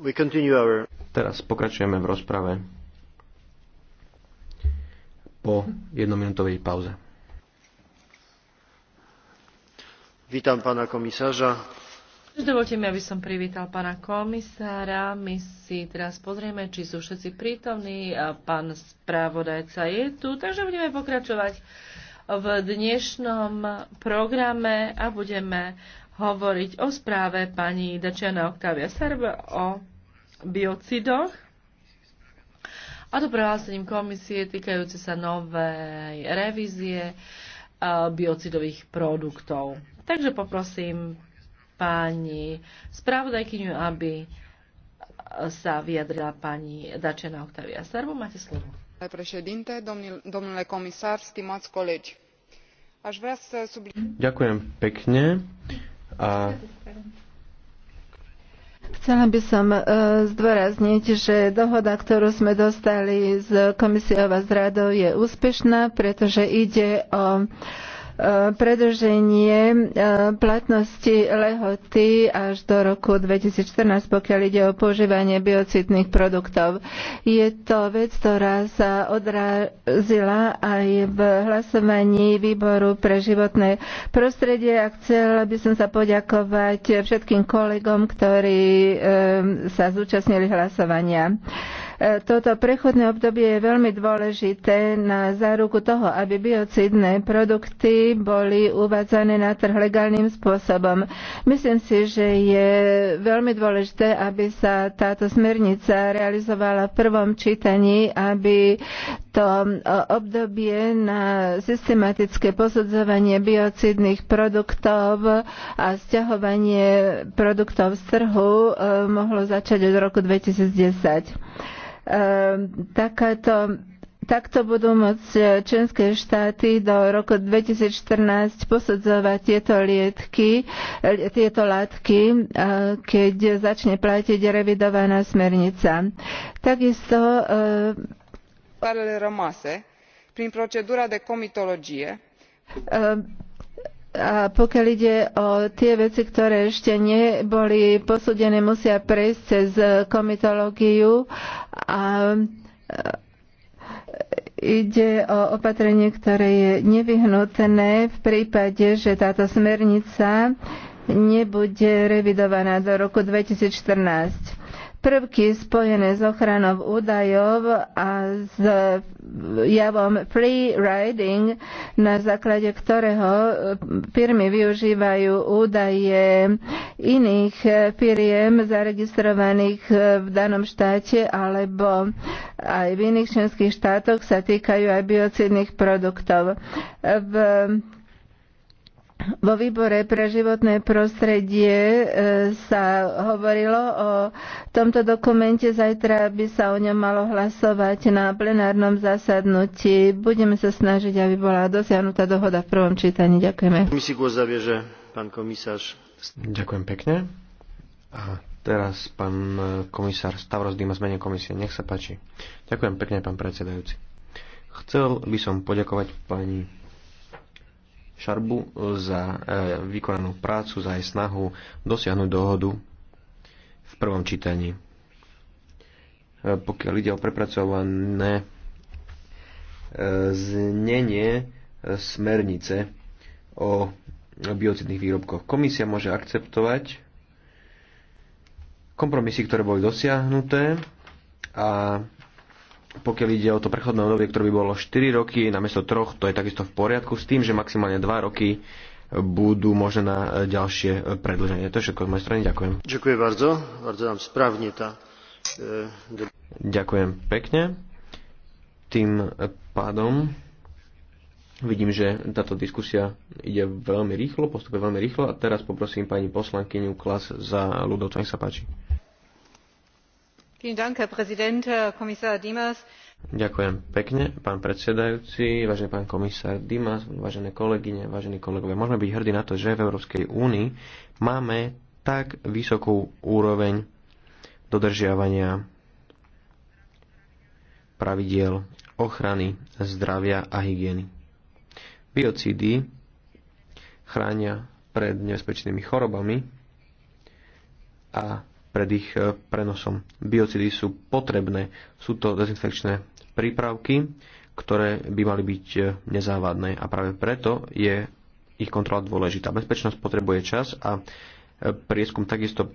Our... Teraz pokračujeme v rozprave po jednominútovej pauze. Vítam pána komisáža. Dovolte mi, aby som privítal pána komisára. My si teraz pozrieme, či sú všetci prítomní. A pán správodajca je tu, takže budeme pokračovať v dnešnom programe a budeme hovoriť o správe pani Dačiana Oktávia Serbe o biocidoch a to prehlásením komisie týkajúce sa novej revízie e, biocidových produktov. Takže poprosím pani spravodajkyňu, aby sa vyjadrila pani Dačena Octavia Serbu. Máte slovo. prešedinte, domnule komisár, stimáci kolegi. Ďakujem pekne. A Chcela by som e, zdôrazniť, že dohoda, ktorú sme dostali z komisiou a z radou je úspešná, pretože ide o E, predrženie e, platnosti lehoty až do roku 2014, pokiaľ ide o používanie biocitných produktov. Je to vec, ktorá sa odrazila aj v hlasovaní výboru pre životné prostredie a chcela by som sa poďakovať všetkým kolegom, ktorí e, sa zúčastnili hlasovania. Toto prechodné obdobie je veľmi dôležité na záruku toho, aby biocidné produkty boli uvádzané na trh legálnym spôsobom. Myslím si, že je veľmi dôležité, aby sa táto smernica realizovala v prvom čítaní, aby to obdobie na systematické posudzovanie biocidných produktov a stiahovanie produktov z trhu eh, mohlo začať od roku 2010. Ehm, takáto Takto budú môcť e, členské štáty do roku 2014 posudzovať tieto lietky, e, tieto látky, e, keď začne platiť revidovaná smernica. Takisto uh, rămase prin procedura de comitologie a pokiaľ ide o tie veci, ktoré ešte neboli posúdené, musia prejsť cez komitológiu a e, ide o opatrenie, ktoré je nevyhnutné v prípade, že táto smernica nebude revidovaná do roku 2014 prvky spojené s ochranou údajov a s javom free riding, na základe ktorého eh, firmy využívajú údaje iných eh, firiem zaregistrovaných eh, v danom štáte alebo aj v iných členských štátoch sa týkajú aj biocidných produktov. V vo výbore pre životné prostredie e, sa hovorilo o tomto dokumente. Zajtra by sa o ňom malo hlasovať na plenárnom zasadnutí. Budeme sa snažiť, aby bola dosiahnutá dohoda v prvom čítaní. Ďakujeme. zavieže, pán Ďakujem pekne. A teraz pán e, komisár Stavros Dimas zmenie komisie. Nech sa páči. Ďakujem pekne, pán predsedajúci. Chcel by som poďakovať pani Šarbu e, za e, vykonanú prácu, za jej snahu dosiahnuť dohodu v prvom čítaní. E, pokiaľ ide o prepracované znenie smernice o biocidných výrobkoch. Komisia môže akceptovať kompromisy, ktoré boli dosiahnuté a pokiaľ ide o to prechodné obdobie, ktoré by bolo 4 roky namiesto 3, to je takisto v poriadku s tým, že maximálne 2 roky budú možné na ďalšie predlženie. To je všetko z mojej strany. Ďakujem. Ďakujem bardzo. Bardzo vám správne tá... E, Ďakujem pekne. Tým pádom vidím, že táto diskusia ide veľmi rýchlo, postupuje veľmi rýchlo a teraz poprosím pani poslankyňu Klas za ľudovcov. Nech sa páči. Ďakujem pekne, pán predsedajúci, pán komisár Dimas, kolegyne, vážení Môžeme byť hrdí na to, že v Európskej únii máme tak vysokú úroveň dodržiavania pravidiel ochrany zdravia a hygieny. Biocídy chránia pred nebezpečnými chorobami a pred ich e, prenosom. Biocidy sú potrebné. Sú to dezinfekčné prípravky, ktoré by mali byť e, nezávadné a práve preto je ich kontrola dôležitá. Bezpečnosť potrebuje čas a e, prieskum takisto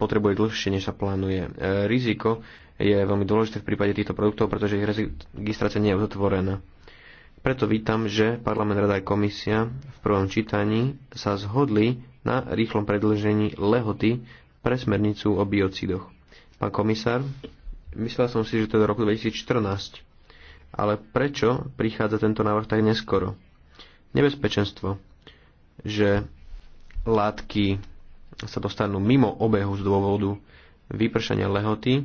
potrebuje dlhšie, než sa plánuje. Riziko je veľmi dôležité v prípade týchto produktov, pretože ich registrácia nie je uzatvorená. Preto vítam, že parlament, rada aj komisia v prvom čítaní sa zhodli na rýchlom predlžení lehoty pre smernicu o biocidoch. Pán komisár, myslel som si, že to je do roku 2014, ale prečo prichádza tento návrh tak neskoro? Nebezpečenstvo, že látky sa dostanú mimo obehu z dôvodu vypršania lehoty, e,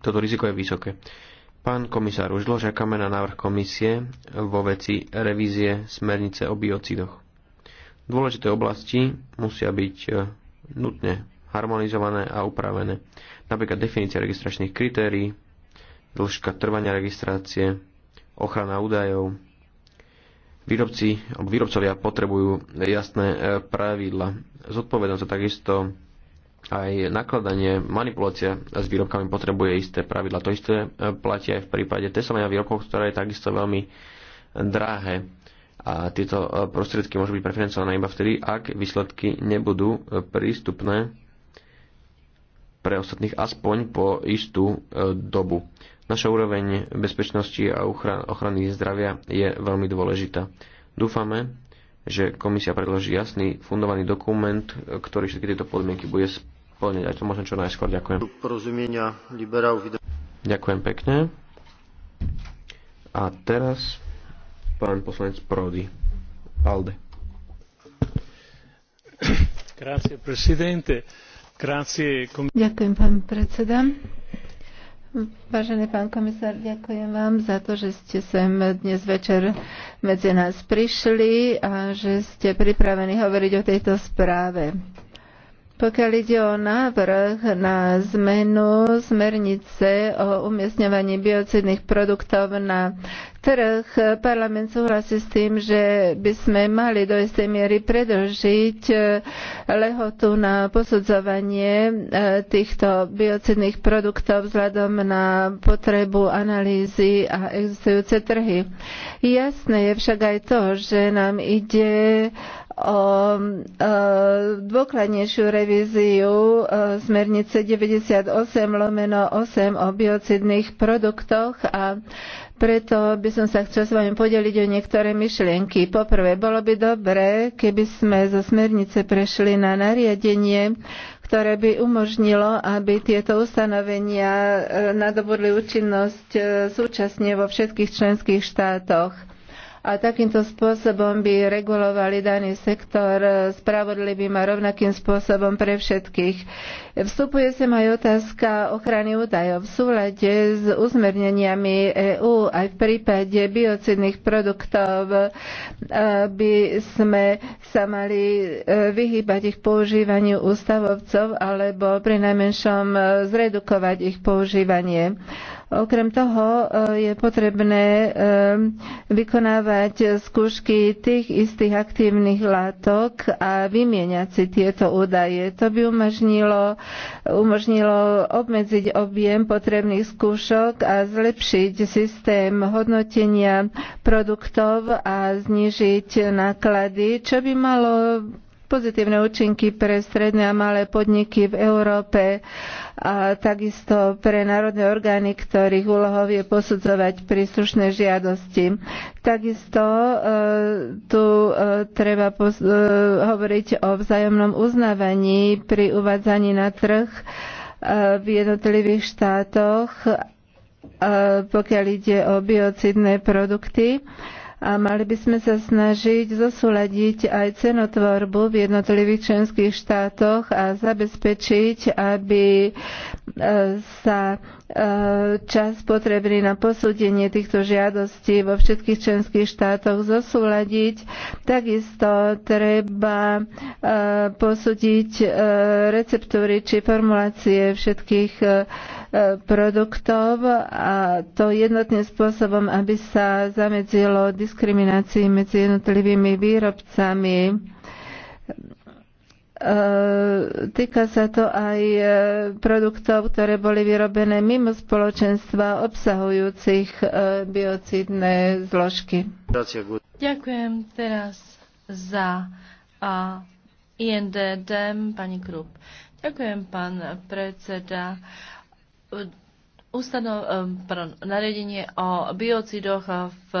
toto riziko je vysoké. Pán komisár, už dlho čakáme na návrh komisie vo veci revízie smernice o biocidoch. Dôležité oblasti musia byť e, nutne harmonizované a upravené. Napríklad definícia registračných kritérií, dĺžka trvania registrácie, ochrana údajov. Výrobci výrobcovia potrebujú jasné e, pravidla. Zodpovednosť a takisto aj nakladanie, manipulácia s výrobkami potrebuje isté pravidla. To isté e, platí aj v prípade testovania výrobkov, ktoré je takisto veľmi drahé a tieto e, prostriedky môžu byť prefinancované iba vtedy, ak výsledky nebudú e, prístupné pre ostatných aspoň po istú e, dobu. Naša úroveň bezpečnosti a ochrany zdravia je veľmi dôležitá. Dúfame, že komisia predloží jasný, fundovaný dokument, ktorý všetky tieto podmienky bude splňať. Aj to možno čo najskôr. Ďakujem. Ďakujem pekne. A teraz Pán poslanec Prodi. Alde. Ďakujem, pán predseda. Vážený pán komisár, ďakujem vám za to, že ste sem dnes večer medzi nás prišli a že ste pripravení hovoriť o tejto správe. Pokiaľ ide o návrh na zmenu smernice o umiestňovaní biocidných produktov na trh, parlament súhlasí s tým, že by sme mali do istej miery predlžiť e, lehotu na posudzovanie e, týchto biocidných produktov vzhľadom na potrebu analýzy a existujúce trhy. Jasné je však aj to, že nám ide o um, uh, dôkladnejšiu revíziu uh, smernice 98 lomeno 8 o biocidných produktoch a preto by som sa chcel s vami podeliť o niektoré myšlienky. Poprvé, bolo by dobré, keby sme zo smernice prešli na nariadenie, ktoré by umožnilo, aby tieto ustanovenia uh, nadobudli účinnosť súčasne vo všetkých členských štátoch a takýmto spôsobom by regulovali daný sektor spravodlivým a rovnakým spôsobom pre všetkých. Vstupuje sem aj otázka ochrany údajov. V súlade s uzmerneniami EÚ aj v prípade biocidných produktov e, by sme sa mali e, vyhýbať ich používaniu ústavovcov alebo pri najmenšom e, zredukovať ich používanie. Okrem toho eh, je potrebné eh, vykonávať skúšky tých istých aktívnych látok a vymieňať si tieto údaje. To by umožnilo, umožnilo obmedziť objem potrebných skúšok a zlepšiť systém hodnotenia produktov a znižiť náklady, čo by malo pozitívne účinky pre stredné a malé podniky v Európe a takisto pre národné orgány, ktorých úlohou je posudzovať príslušné žiadosti. Takisto e, tu e, treba e, hovoriť o vzájomnom uznávaní pri uvádzaní na trh v jednotlivých štátoch, pokiaľ ide o biocidné produkty a mali by sme sa snažiť zosúľadiť aj cenotvorbu v jednotlivých členských štátoch a zabezpečiť, aby e, sa e, čas potrebný na posúdenie týchto žiadostí vo všetkých členských štátoch zosúľadiť. Takisto treba e, posúdiť receptúry či formulácie všetkých E, produktov a to jednotným spôsobom, aby sa zamedzilo diskriminácii medzi jednotlivými výrobcami. E, týka sa to aj e, produktov, ktoré boli vyrobené mimo spoločenstva obsahujúcich biocidné zložky. Ďakujem teraz za a INDD, pani Krup. Ďakujem, pán predseda od Ustanov, um, pardon, nariadenie o biocidoch v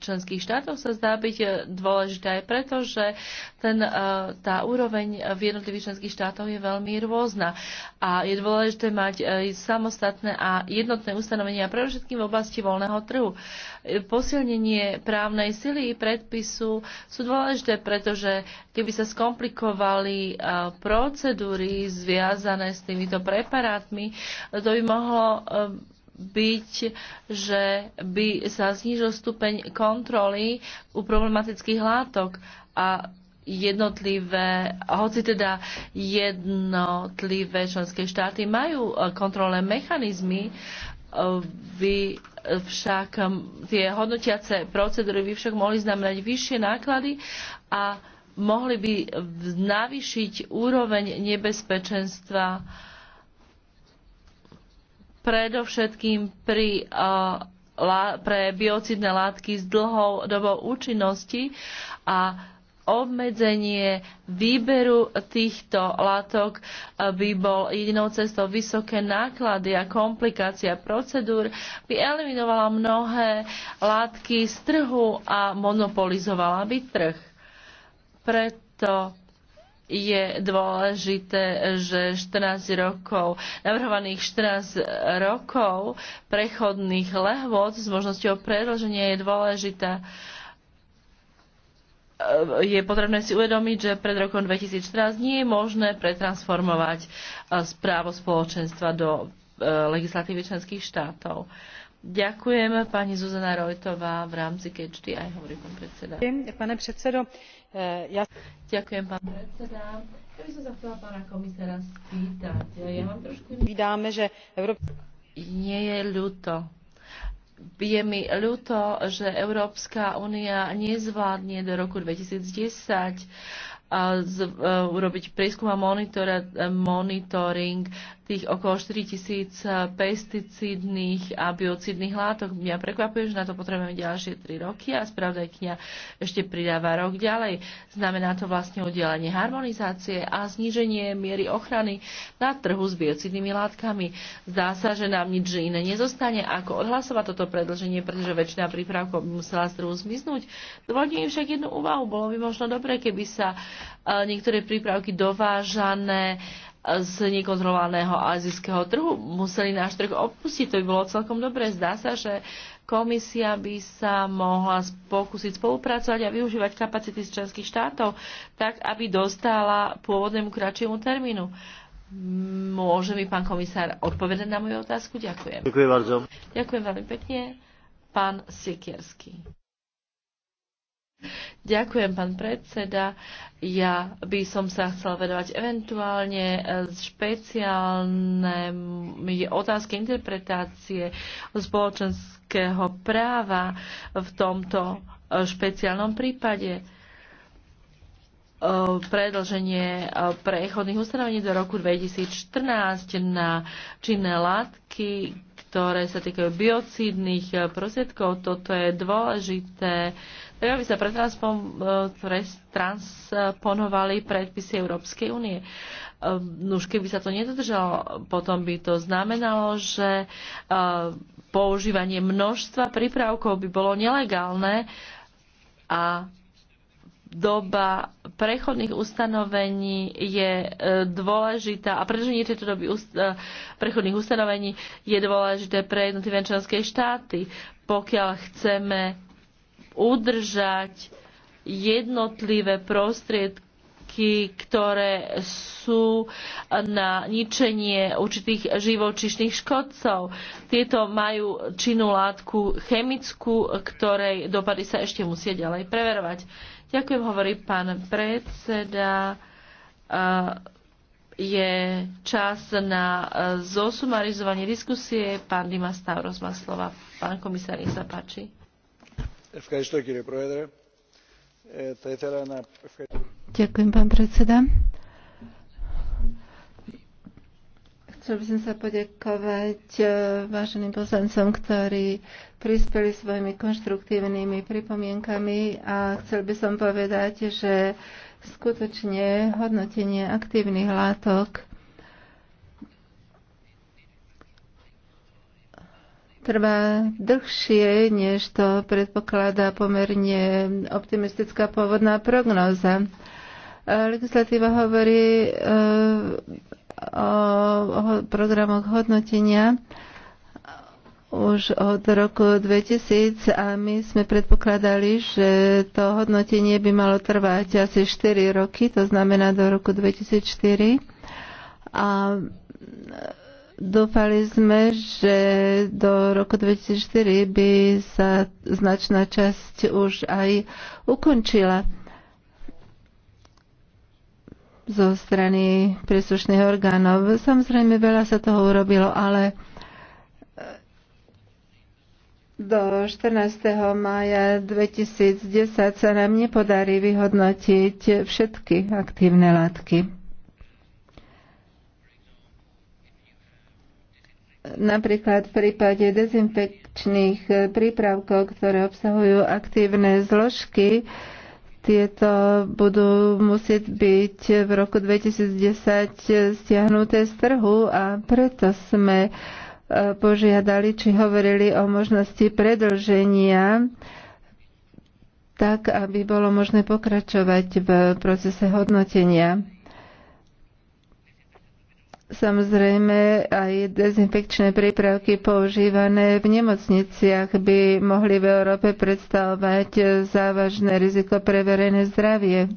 členských štátoch sa zdá byť eh, dôležité aj preto, že ten, eh, tá úroveň v jednotlivých členských štátoch je veľmi rôzna a je dôležité mať eh, samostatné a jednotné ustanovenia pre všetkým v oblasti voľného trhu. Posilnenie právnej sily i predpisu sú dôležité, pretože keby sa skomplikovali procedúry zviazané s týmito preparátmi, to by mohlo byť, že by sa znížil stupeň kontroly u problematických látok a jednotlivé, hoci teda jednotlivé členské štáty majú e, kontrolné mechanizmy, by e, však tie hodnotiace procedúry by však mohli znamenať vyššie náklady a mohli by navýšiť úroveň nebezpečenstva predovšetkým pri, uh, eh, la, pre biocidné látky s dlhou dobou účinnosti a obmedzenie výberu týchto látok eh, by bol jedinou cestou vysoké náklady a komplikácia procedúr by eliminovala mnohé látky z trhu a monopolizovala by trh. Preto je dôležité, že 14 rokov, navrhovaných 14 rokov prechodných lehôd s možnosťou predlženia je dôležité. E, je potrebné si uvedomiť, že pred rokom 2014 nie je možné pretransformovať e, správo spoločenstva do e, legislatívy členských štátov. Ďakujem pani Zuzana Rojtová v rámci aj hovorí pán predseda. Pane predsedo, Eh, ja... Ďakujem, pán predseda. Ja by som sa chcela pána komisára spýtať. Ja mám trošku... Vydáme, že Európa... Nie je ľúto. Je mi ľúto, že Európska únia nezvládne do roku 2010 a eh, z, uh, urobiť prieskum a monitora, monitoring tých okolo 4000 pesticídnych a biocidných látok. Mňa prekvapuje, že na to potrebujeme ďalšie 3 roky a kňa ešte pridáva rok ďalej. Znamená to vlastne oddelenie harmonizácie a zníženie miery ochrany na trhu s biocidnými látkami. Zdá sa, že nám nič iné nezostane, ako odhlasovať toto predlženie, pretože väčšina prípravkov by musela z trhu zmiznúť. Dovolím však jednu úvahu. Bolo by možno dobre, keby sa e, niektoré prípravky dovážané z nekontrolovaného azijského trhu museli náš trh opustiť. To by bolo celkom dobré. Zdá sa, že komisia by sa mohla pokúsiť spolupracovať a využívať kapacity z členských štátov, tak aby dostala pôvodnému kratšiemu termínu. Môže mi pán komisár odpovedať na moju otázku? Ďakujem. Ďakujem Ďakujem veľmi pekne. Pán Sikierský. Ďakujem, pán predseda. Ja by som sa chcela vedovať eventuálne e, špeciálne otázky interpretácie spoločenského práva v tomto e, špeciálnom prípade e, predlženie prechodných ustanovení do roku 2014 na činné látky, ktoré sa týkajú biocídnych eh, prostriedkov. Toto je dôležité, tak aby sa eh, pretransponovali predpisy Európskej únie. Eh, už keby sa to nedodržalo, potom by to znamenalo, že používanie množstva prípravkov by bolo nelegálne a doba prechodných ustanovení je e, dôležitá a predlženie tejto doby e, prechodných ustanovení je dôležité pre jednotlivé členské štáty, pokiaľ chceme udržať jednotlivé prostriedky ktoré sú na ničenie určitých živočíšnych škodcov. Tieto majú činnú látku chemickú, ktorej dopady sa ešte musia ďalej preverovať. Ďakujem, hovorí pán predseda. Je čas na e, zosumarizovanie diskusie. Pán Dima Stavros má slova. Pán komisár, nech sa páči. E, teda Ďakujem, pán predseda. Chcel by som sa poďakovať e, váženým poslancom, ktorí prispeli svojimi konštruktívnymi pripomienkami a chcel by som povedať, že skutočne hodnotenie aktívnych látok trvá dlhšie, než to predpokladá pomerne optimistická pôvodná prognóza. E, legislatíva hovorí e, o eh, programoch hodnotenia už od roku 2000 a my sme predpokladali, že to hodnotenie by malo trvať asi 4 roky, to znamená do roku 2004. A dúfali sme, že do roku 2004 by sa značná časť už aj ukončila zo strany príslušných orgánov. Samozrejme, veľa sa toho urobilo, ale e, do 14. maja 2010 sa nám nepodarí vyhodnotiť všetky aktívne látky. Napríklad v prípade dezinfekčných prípravkov, ktoré obsahujú aktívne zložky, tieto budú musieť byť v roku 2010 stiahnuté z trhu a preto sme e, požiadali, či hovorili o možnosti predlženia tak, aby bolo možné pokračovať v procese hodnotenia. Samozrejme, aj dezinfekčné prípravky používané v nemocniciach by mohli v Európe predstavovať závažné riziko pre verejné zdravie.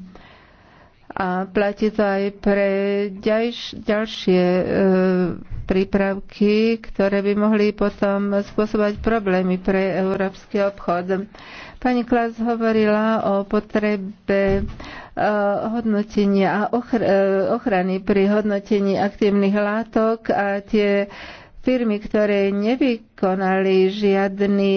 A platí to aj pre ďalš, ďalšie e, prípravky, ktoré by mohli potom spôsobať problémy pre európsky obchod. Pani Klas hovorila o potrebe Eh, hodnotenia a ochr eh, ochrany pri hodnotení aktívnych látok a tie firmy, ktoré nevykonali žiadny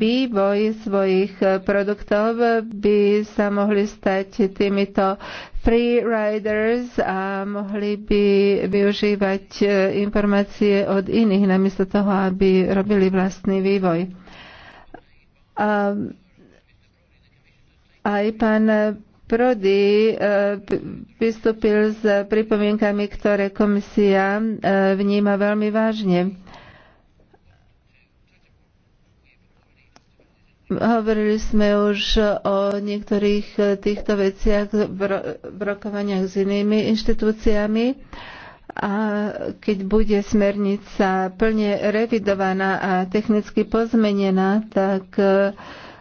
vývoj svojich eh, produktov, by sa mohli stať týmito free riders a mohli by využívať informácie od iných, namiesto toho, aby robili vlastný vývoj. A aj pán Prody eh, vystúpil s pripomienkami, ktoré komisia eh, vníma veľmi vážne. Hovorili sme už o niektorých eh, týchto veciach v rokovaniach s inými inštitúciami a keď bude smernica plne revidovaná a technicky pozmenená, tak uh,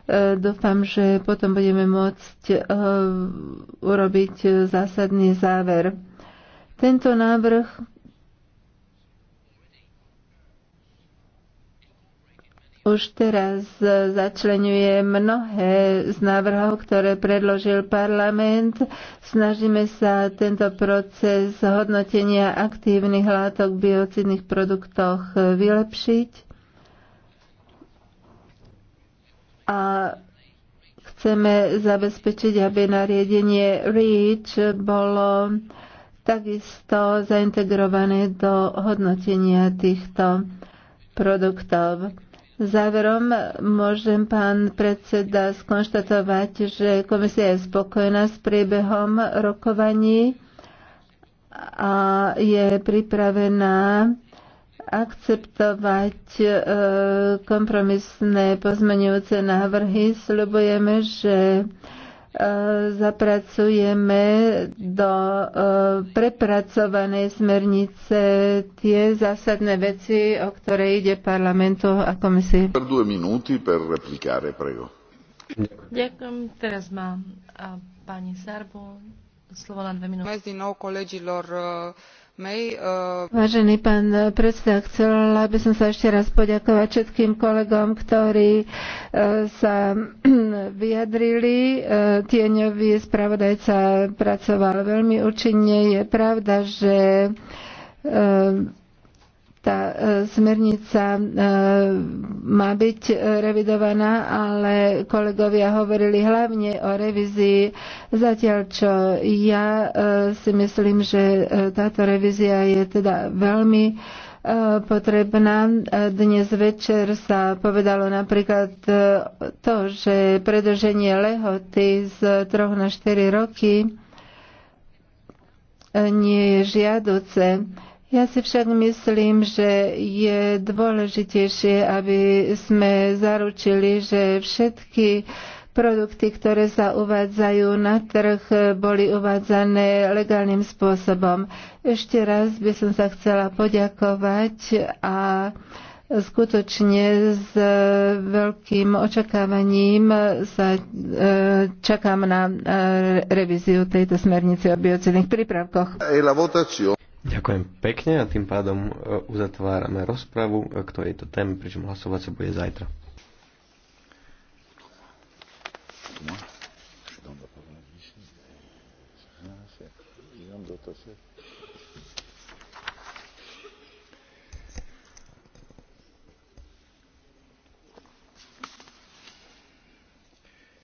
E, dúfam, že potom budeme môcť e, urobiť zásadný záver. Tento návrh už teraz začlenuje mnohé z návrhov, ktoré predložil parlament. Snažíme sa tento proces hodnotenia aktívnych látok v biocidných produktoch vylepšiť. a chceme zabezpečiť, aby nariadenie REACH bolo takisto zaintegrované do hodnotenia týchto produktov. Záverom môžem pán predseda skonštatovať, že komisia je spokojná s priebehom rokovaní a je pripravená akceptovať e, kompromisné pozmeňujúce návrhy. Sľubujeme, že e, zapracujeme do e, prepracovanej smernice tie zásadné veci, o ktoré ide parlamentu a komisii. Per due minuti per replicare, prego. Ďakujem. Teraz mám pani Sarbo Slovo na dve minúty. Uh, Vážený pán predseda, chcela by som sa ešte raz poďakovať všetkým kolegom, ktorí uh, sa vyjadrili. Uh, tieňový spravodajca pracoval veľmi účinne. Je pravda, že tá e, smernica e, má byť e, revidovaná, ale kolegovia hovorili hlavne o revízii, zatiaľ čo ja si myslím, že táto revízia je teda veľmi potrebná. Dnes večer sa povedalo napríklad to, že predlženie lehoty z 3 na 4 roky nie je žiaduce. Ja si však myslím, že je dôležitejšie, aby sme zaručili, že všetky produkty, ktoré sa uvádzajú na trh, boli uvádzané legálnym spôsobom. Ešte raz by som sa chcela poďakovať a skutočne s veľkým očakávaním sa e, čakám na e, revíziu tejto smernice o biocidných prípravkoch. E Ďakujem pekne a tým pádom e, uzatvárame rozpravu e, k tejto téme, pričom hlasovať sa bude zajtra. Thank